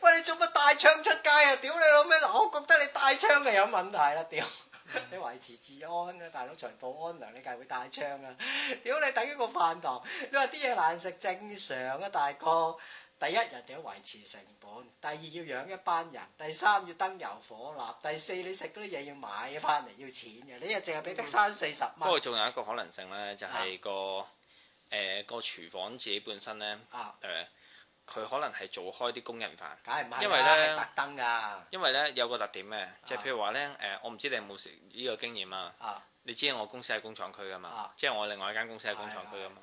喂，你做乜帶槍出街啊？屌你老味嗱，我覺得你帶槍就有問題啦、啊，屌！ (noise) 你維持治安啊，大佬巡保安糧，你梗係會帶槍啊。屌 (laughs) 你，等於個飯堂，你話啲嘢難食正常啊，大哥。第一日你要維持成本，第二要養一班人，第三要燈油火蠟，第四你食嗰啲嘢要買翻嚟要錢嘅，你係淨係俾得三四十蚊。不過仲有一個可能性咧，就係、是個誒、啊呃個廚房自己本身咧誒。啊呃佢可能係做開啲工人飯，梗係唔係？因為呢特登㗎，因為咧有個特點咩？啊、即係譬如話咧，誒、呃，我唔知你有冇食呢個經驗啊？啊你知道我公司喺工廠區㗎嘛？啊、即係我另外一間公司喺工廠區㗎嘛？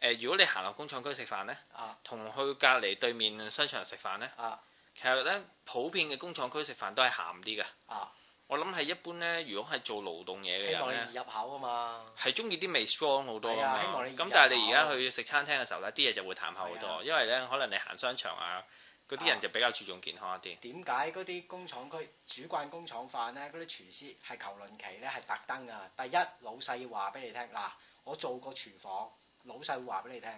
誒、啊啊，如果你行落工廠區食飯咧，同去隔離對面商場食飯咧，啊、其實咧普遍嘅工廠區食飯都係鹹啲㗎。啊啊我諗係一般咧，如果係做勞動嘢嘅人易入口啊嘛。係中意啲味香好多啊，希望你咁，啊、你但係你而家去食餐廳嘅時候咧，啲嘢就會淡口好多，啊、因為咧可能你行商場啊，嗰啲人就比較注重健康一啲。點解嗰啲工廠區煮慣工廠飯咧？嗰啲廚師係求倫期咧，係特登噶。第一老細要話俾你聽嗱，我做過廚房老細會話俾你聽，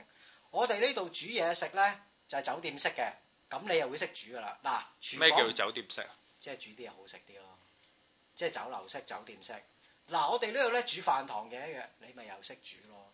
我哋呢度煮嘢食咧就係、是、酒店式嘅，咁你又會識煮噶啦嗱。咩叫做酒店式？即係煮啲嘢好食啲咯。即係酒樓式、酒店式。嗱，我哋呢度咧煮飯堂嘅一樣，你咪又識煮咯。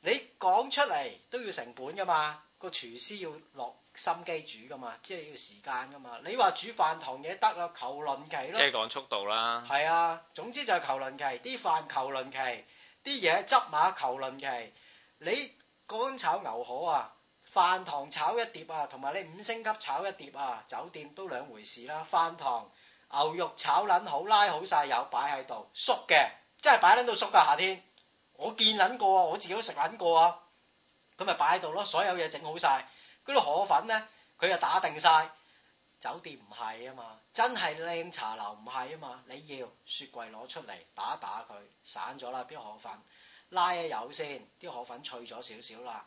你講出嚟都要成本噶嘛，個廚師要落心機煮噶嘛，即係要時間噶嘛。你話煮飯堂嘢得啦，求論奇咯。即係講速度啦。係啊，總之就係求論奇，啲飯求論奇，啲嘢執馬求論奇。你乾炒牛河啊，飯堂炒一碟啊，同埋你五星級炒一碟啊，酒店都兩回事啦。飯堂。牛肉炒卵好，拉好晒油，擺喺度，縮嘅，真係擺卵到縮㗎。夏天我見卵過啊，我自己都食卵過啊。噉咪擺喺度咯，所有嘢整好晒。嗰啲河粉咧，佢又打定晒。酒店唔係啊嘛，真係靚茶樓唔係啊嘛。你要雪櫃攞出嚟打一打佢，散咗啦啲河粉，拉啲油先，啲河粉脆咗少少啦。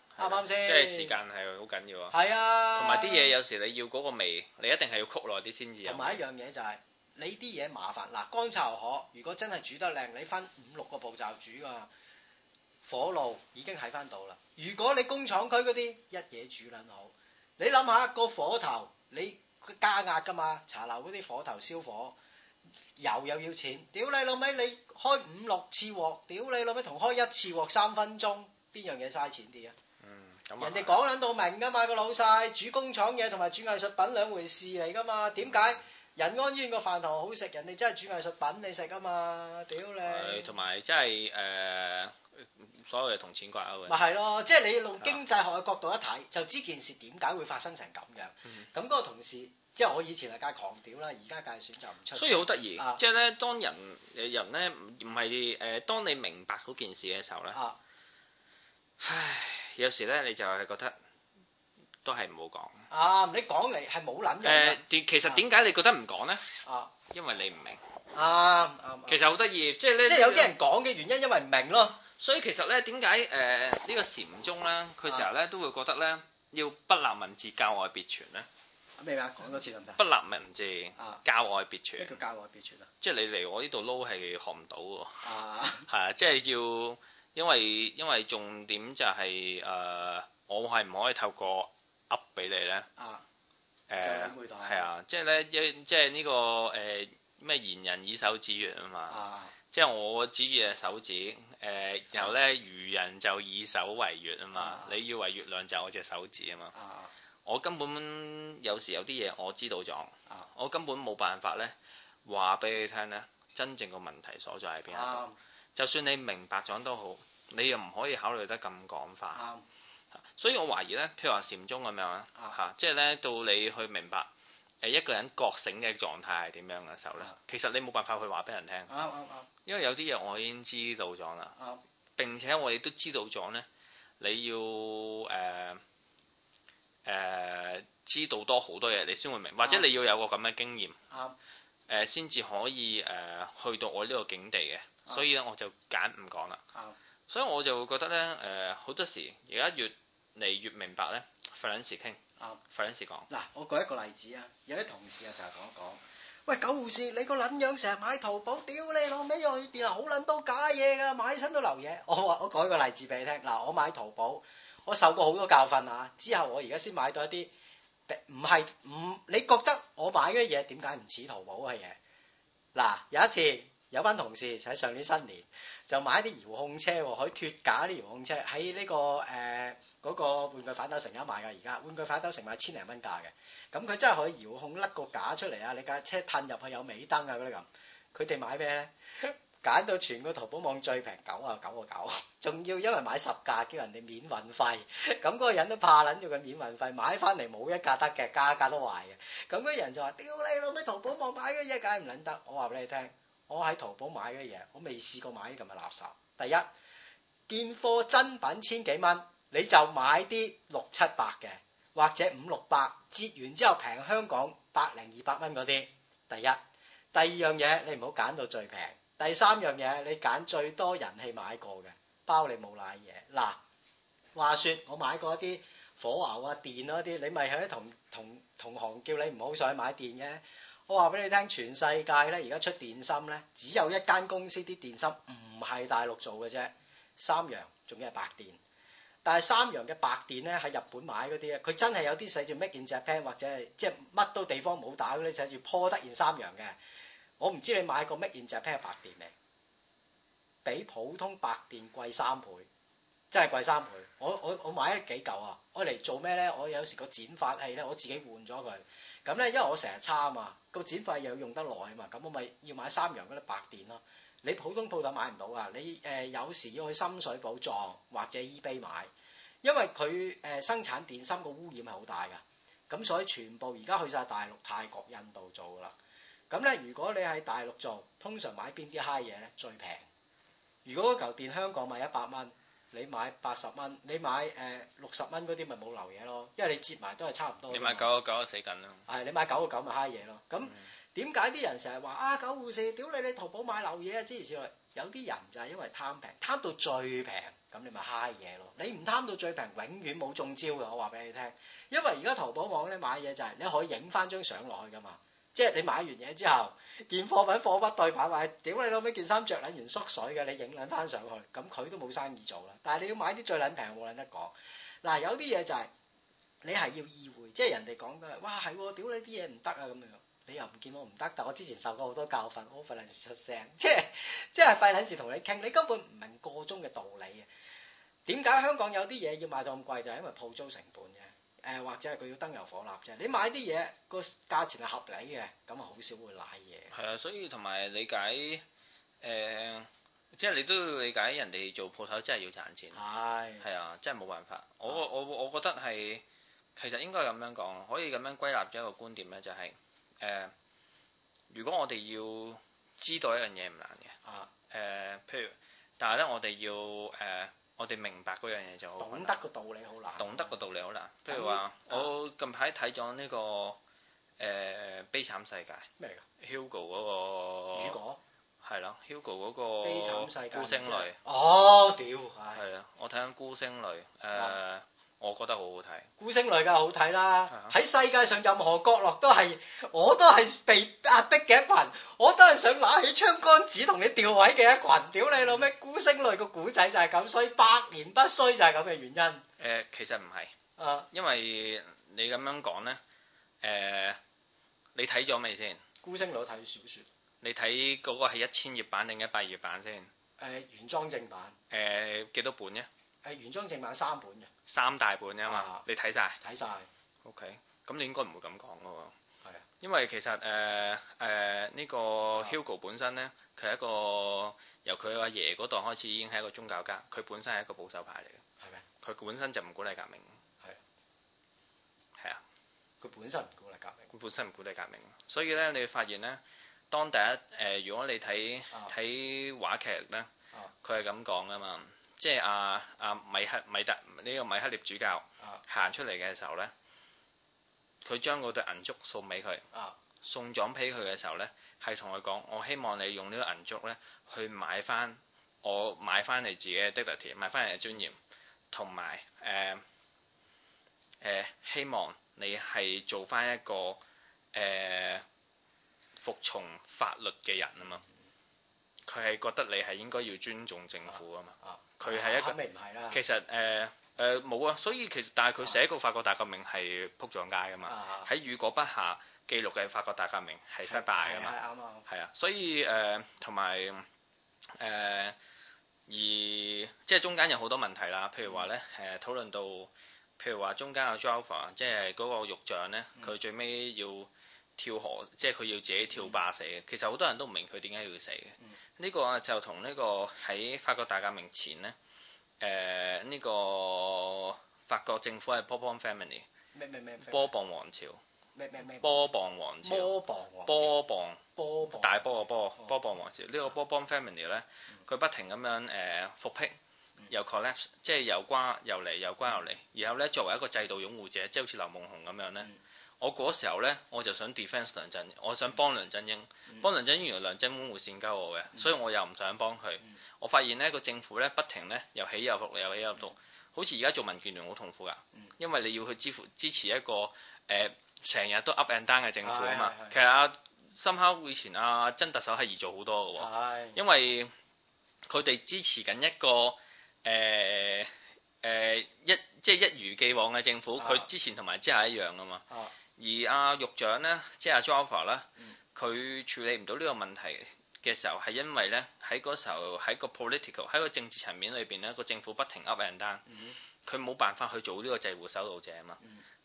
啱啱先？即係時間係好緊要是啊。係啊，同埋啲嘢有時你要嗰個味，你一定係要焗耐啲先至。同埋一樣嘢就係你啲嘢麻煩嗱，乾炒河，如果真係煮得靚，你分五六個步驟煮噶，火爐已經喺翻度啦。如果你工廠區嗰啲一嘢煮撚好，你諗下個火頭你加壓噶嘛？茶樓嗰啲火頭燒火油又要錢，屌你老味！你開五六次鑊，屌你老味同開一次鑊三分鐘，邊樣嘢嘥錢啲啊？人哋講撚到明啊嘛，個老細煮工廠嘢同埋煮藝術品兩回事嚟噶嘛？點解、嗯、仁安醫院個飯堂好食，人哋真係煮藝術品你食啊嘛？屌你、嗯！就是呃、同埋真係誒所謂同錢掛鈎嘅。咪係咯，即、就、係、是、你用經濟學嘅角度一睇，啊、就知件事點解會發生成咁樣。咁嗰、嗯、個同事，即、就、係、是、我以前係介狂屌啦，而家介選擇唔出聲所以好得意，啊、即係咧，當人誒人咧唔係誒，當你明白嗰件事嘅時候咧、啊，唉。唉唉。有時咧，你就係覺得都係唔好講。啊！你講嚟係冇諗嘅。誒，點其實點解你覺得唔講咧？啊，因為你唔明。啱啱。其實好得意，即係咧。即係有啲人講嘅原因，因為唔明咯。所以其實咧，點解誒呢個禪宗咧，佢成日咧都會覺得咧，要不立文字教外別傳咧。明唔明啊？講多次得唔得？不立文字，教外別傳。咩叫教外別傳啊？即係你嚟我呢度撈係學唔到喎。啊。係啊，即係要。因為因為重點就係、是、誒、呃，我係唔可以透過噏俾你咧。啊，誒、呃，係啊，即係咧、這個，即係呢個誒咩言人以手指月啊嘛。啊即係我指住隻手指，誒、呃，啊、然後咧愚人就以手為月啊嘛。啊你以為月亮就係我隻手指啊嘛？啊我根本有時有啲嘢我知道咗，啊、我根本冇辦法咧，話俾你聽咧，真正個問題所在喺邊一度。就算你明白咗都好，你又唔可以考慮得咁廣泛。啱。所以我懷疑呢，譬如話禪宗咁樣啦，嚇，即係呢，到你去明白誒一個人覺醒嘅狀態係點樣嘅時候呢，其實你冇辦法去話俾人聽。啱啱啱，因為有啲嘢我已經知道咗啦。啱。並且我亦都知道咗呢，你要誒知道多好多嘢，你先會明，或者你要有個咁嘅經驗。啱。先至可以誒去到我呢個境地嘅。所以咧我就揀唔講啦。啊、所以我就會覺得咧，誒、呃、好多時而家越嚟越明白咧，費撚事傾，費撚事講。嗱、啊，我舉一個例子啊，有啲同事啊成日講一講，喂，狗護士，你個撚樣成日買淘寶，屌你老味，用啲好撚到假嘢㗎，買親都流嘢。我我講一個例子俾你聽，嗱，我買淘寶，我受過好多教訓啊。之後我而家先買到一啲唔係唔，你覺得我買嗰啲嘢點解唔似淘寶嘅嘢？嗱，有一次。有班同事喺上年新年就買啲遙控車，可以脫架啲遙控車喺呢、這個誒嗰、呃那個玩具反斗城買㗎，而家玩具反斗城賣千零蚊價嘅。咁佢真係可以遙控甩個架出嚟啊！你架車褪入去有尾燈啊嗰啲咁。佢哋買咩咧？揀到全個淘寶網最平九啊九個九，仲要因為買十架叫人哋免運費。咁嗰個人都怕撚住佢免運費，買翻嚟冇一架得嘅，架架都壞嘅。咁嗰人就話：屌你老味，淘寶網買嘅嘢揀唔撚得！我話俾你聽。我喺淘寶買嘅嘢，我未試過買啲咁嘅垃圾。第一，件貨真品千幾蚊，你就買啲六七百嘅，或者五六百，折完之後平香港百零二百蚊嗰啲。第一，第二樣嘢你唔好揀到最平，第三樣嘢你揀最多人氣買過嘅，包你冇瀨嘢。嗱，話說我買過一啲火牛啊、電嗰啲，你咪喺同同同行叫你唔好上去買電嘅。我話俾你聽，全世界咧而家出電芯咧，只有一間公司啲電芯唔係大陸做嘅啫。三洋仲要係白電，但係三洋嘅白電咧喺日本買嗰啲咧，佢真係有啲寫住 Made in Japan 或者係即係乜都地方冇打嗰啲寫住 Product in 三洋嘅。我唔知你買過 Made in Japan 白電嚟，比普通白電貴三倍，真係貴三倍。我我我買咗幾嚿啊！我嚟做咩咧？我有時個剪髮器咧，我自己換咗佢。咁咧，因為我成日差啊嘛，個展費又要用得耐啊嘛，咁我咪要買三洋嗰啲白電咯。你普通鋪頭買唔到啊，你誒有時要去深水埗撞或者 eBay 買，因為佢誒生產電芯個污染係好大噶，咁所以全部而家去晒大陸、泰國、印度做噶啦。咁咧，如果你喺大陸做，通常買邊啲嗨嘢咧最平？如果嗰嚿電香港買一百蚊。你買八十蚊，你買誒六十蚊嗰啲咪冇流嘢咯，因為你折埋都係差唔多你 9. 9。你買九個九死緊啦。係，你買九個九咪蝦嘢咯。咁點解啲人成日話啊狗護士？屌你！你淘寶買流嘢啊！諸如此類。有啲人就係因為貪平，貪到最平，咁你咪蝦嘢咯。你唔貪到最平，永遠冇中招嘅。我話俾你聽，因為而家淘寶網咧買嘢就係你可以影翻張相落去㗎嘛。即係你買完嘢之後，件貨品貨不對板，話係，屌你老味，件衫着撚完縮水嘅，你影撚翻上去，咁佢都冇生意做啦。但係你要買啲最撚平冇撚得講。嗱，有啲嘢就係、是、你係要意會，即係人哋講得：「哇係，屌你啲嘢唔得啊」咁樣，你又唔見我唔得，但我之前受過好多教訓，費撚事出聲，即係即係費撚事同你傾，你根本唔明個中嘅道理嘅。點解香港有啲嘢要賣到咁貴就係、是、因為鋪租成本嘅？誒、呃、或者係佢要燈油火蠟啫，你買啲嘢個價錢係合理嘅，咁啊好少會賴嘢。係啊，所以同埋理解誒、呃，即係你都要理解人哋做鋪頭真係要賺錢。係係啊，真係冇辦法。我我我覺得係其實應該係咁樣講，可以咁樣歸納咗一個觀點咧、就是，就係誒，如果我哋要知道一樣嘢唔難嘅啊誒、呃，譬如但係咧，我哋要誒。呃我哋明白嗰樣嘢就好。懂得個道理好難，懂得個道理好難。譬如話、嗯、我近排睇咗呢個誒悲慘世界。咩嚟㗎？Hugo 嗰個。雨果。係咯 Hugo 嗰個。悲慘世界。孤星淚。哦，屌，係、哎、啊，我睇緊孤星淚，誒、呃。哦我覺得好好睇，《孤星淚》梗係好睇啦，喺、uh huh. 世界上任何角落都係，我都係被壓迫嘅一群，我都係想拿起槍桿子同你調位嘅一群，屌你老味，《孤星淚》個古仔就係咁，所以百年不衰就係咁嘅原因。誒、呃，其實唔係，啊，uh, 因為你咁樣講咧，誒、呃，你睇咗未先？《孤星佬》睇小說，你睇嗰個係一千頁版定一百頁版先？誒、呃，原裝正版。誒、呃，幾多本嘅？係原裝正版三本嘅，三大本啫嘛，你睇晒，睇晒。O K，咁你應該唔會咁講噶喎。係啊。因為其實誒誒呢個 Hugo 本身咧，佢係一個由佢阿爺嗰代開始已經係一個宗教家，佢本身係一個保守派嚟嘅。係咩？佢本身就唔鼓勵革命。係。係啊。佢本身唔鼓勵革命。佢本身唔鼓勵革命，所以咧你會發現咧，當第一誒，如果你睇睇話劇咧，佢係咁講噶嘛。即係阿阿米克米特呢、這個米克列主教行、啊、出嚟嘅時候呢，佢將嗰對銀燭送俾佢，啊、送獎俾佢嘅時候呢，係同佢講：我希望你用呢個銀燭呢，去買翻我買翻你自己嘅 dignity，買翻你嘅尊嚴，同埋誒誒希望你係做翻一個誒、呃、服從法律嘅人啊嘛。佢係覺得你係應該要尊重政府啊嘛。啊啊佢係一個其實誒誒冇啊，所以其實但係佢寫個法國大革命係撲咗街噶嘛，喺、啊、雨果筆下記錄嘅法國大革命係失敗噶嘛，係啊，所以誒同埋誒而即係中間有好多問題啦，譬如話咧誒討論到譬如話中間阿 Jo 即係嗰個肉醬咧，佢、嗯、最尾要跳河，即係佢要自己跳霸死嘅。其實好多人都唔明佢點解要死嘅。呢個就同呢個喺法國大革命前咧，誒呢個法國政府係波旁 family，波旁王朝，波旁王朝，波旁王朝，波大波嘅波，波旁王朝。呢個波旁 family 咧，佢不停咁樣誒復辟，又 collapse，即係又瓜又嚟又瓜又嚟。然後咧，作為一個制度擁護者，即係好似劉夢熊咁樣咧。我嗰時候呢，我就想 defend 梁振，我想幫梁振英。幫梁振英，原來梁振英會善交我嘅，所以我又唔想幫佢。我發現呢個政府呢，不停呢，又起又伏，又起又落，好似而家做民建聯好痛苦㗎，因為你要去支付支持一個誒成、呃、日都 up and down 嘅政府啊、哎、嘛。哎、其實阿森哈以前阿、啊、曾特首係易做好多嘅、哦，哎、因為佢哋支持緊一個誒誒、呃呃呃、一即係一如既往嘅政府，佢、啊、之前同埋之後一樣㗎嘛。啊。而阿、啊、獄長呢，即係阿 Javert 啦，佢、嗯、處理唔到呢個問題嘅時候，係因為呢，喺嗰時候喺個 political 喺個政治層面裏邊，呢個政府不停 up and down，佢冇辦法去做呢個制度守護者啊嘛。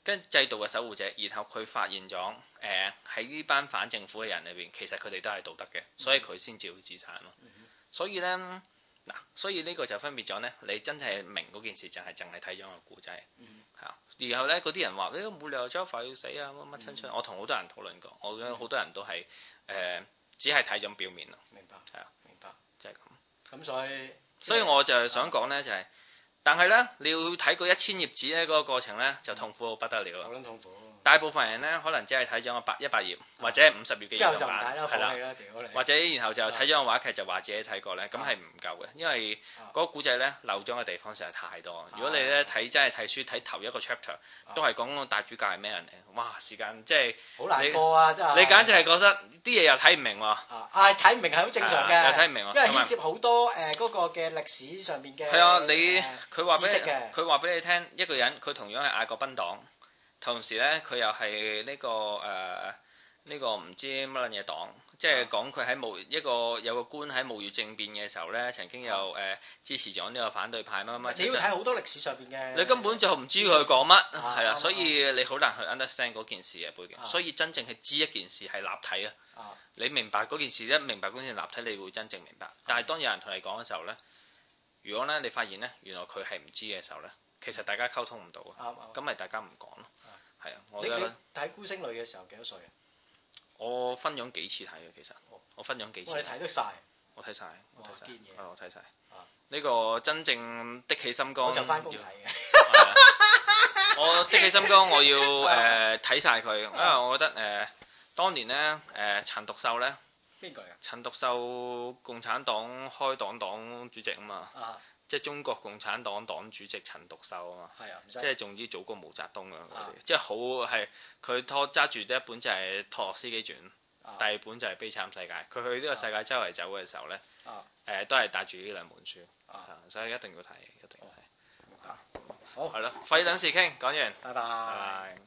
跟、嗯、制度嘅守護者，然後佢發現咗誒喺呢班反政府嘅人裏邊，其實佢哋都係道德嘅，所以佢先至要自殺嘛。嗯、所以呢。嗱，所以呢個就分別咗咧。你真係明嗰件事，就係淨係睇咗個故仔嚇、嗯啊。然後咧，嗰啲人話咧，冇、哎、理由 Chopper 要死啊乜乜親親。嗯、我同好多人討論過，我好多人都係誒、呃，只係睇咗表面咯。明白、嗯，係啊，明白，明白啊、就係、是、咁。咁、嗯、所以，所以我就想講咧，啊、就係、是，但係咧，你要睇個一千頁紙咧，嗰個過程咧，就痛苦到不得了啦。好痛苦。大部分人咧，可能只係睇咗百一百頁或者五十頁嘅嘢咁啊，係啦，或者然後就睇咗個話劇就話自己睇過咧，咁係唔夠嘅，因為嗰個古仔咧，漏咗嘅地方實在太多。如果你咧睇真係睇書睇頭一個 chapter，都係講大主教係咩人嚟，哇！時間即係好難過啊，真係你簡直係覺得啲嘢又睇唔明喎。啊，睇唔明係好正常嘅，又睇唔明，因為牽涉好多誒嗰個嘅歷史上邊嘅知識嘅。係啊，你佢話俾佢話俾你聽，一個人佢同樣係阿國賓黨。同時咧，佢又係呢個誒呢、呃這個唔知乜嘢黨，即係講佢喺冇一個有一個官喺霧月政變嘅時候咧，曾經又誒、嗯呃、支持咗呢個反對派乜乜乜。你要睇好多歷史上邊嘅，你根本就唔知佢講乜，係啦，所以你好難去 understand 嗰件事嘅、啊、背景。所以真正係知一件事係立體啊！你明白嗰件事，一明白嗰件事立體，你會真正明白。但係當有人同你講嘅時候咧，如果咧你發現咧原來佢係唔知嘅時候咧，其實大家溝通唔到啊，咁、啊、咪、啊、大家唔講咯。係啊，我睇《孤星女》嘅時候幾多歲啊？我分兩幾次睇嘅，其實我分兩幾次。睇得晒。我睇晒，我堅嘢，我睇晒。啊！呢個真正的起心肝。我就翻工睇嘅。我的起心肝，我要誒睇晒佢，因為我覺得誒，當年呢，誒，陳獨秀呢，邊個啊？陳獨秀，共產黨開黨黨主席啊嘛。即係中國共產黨黨主席陳獨秀啊嘛，即係總之早過毛澤東啊，即係好係佢拖揸住一本就係《托洛斯基傳》啊，第二本就係、是《悲慘世界》。佢去呢個世界周圍走嘅時候呢，誒、啊呃、都係帶住呢兩本書、啊啊，所以一定要睇，一定要睇。啊啊、好，係咯，費等事傾，講完，拜拜。拜拜。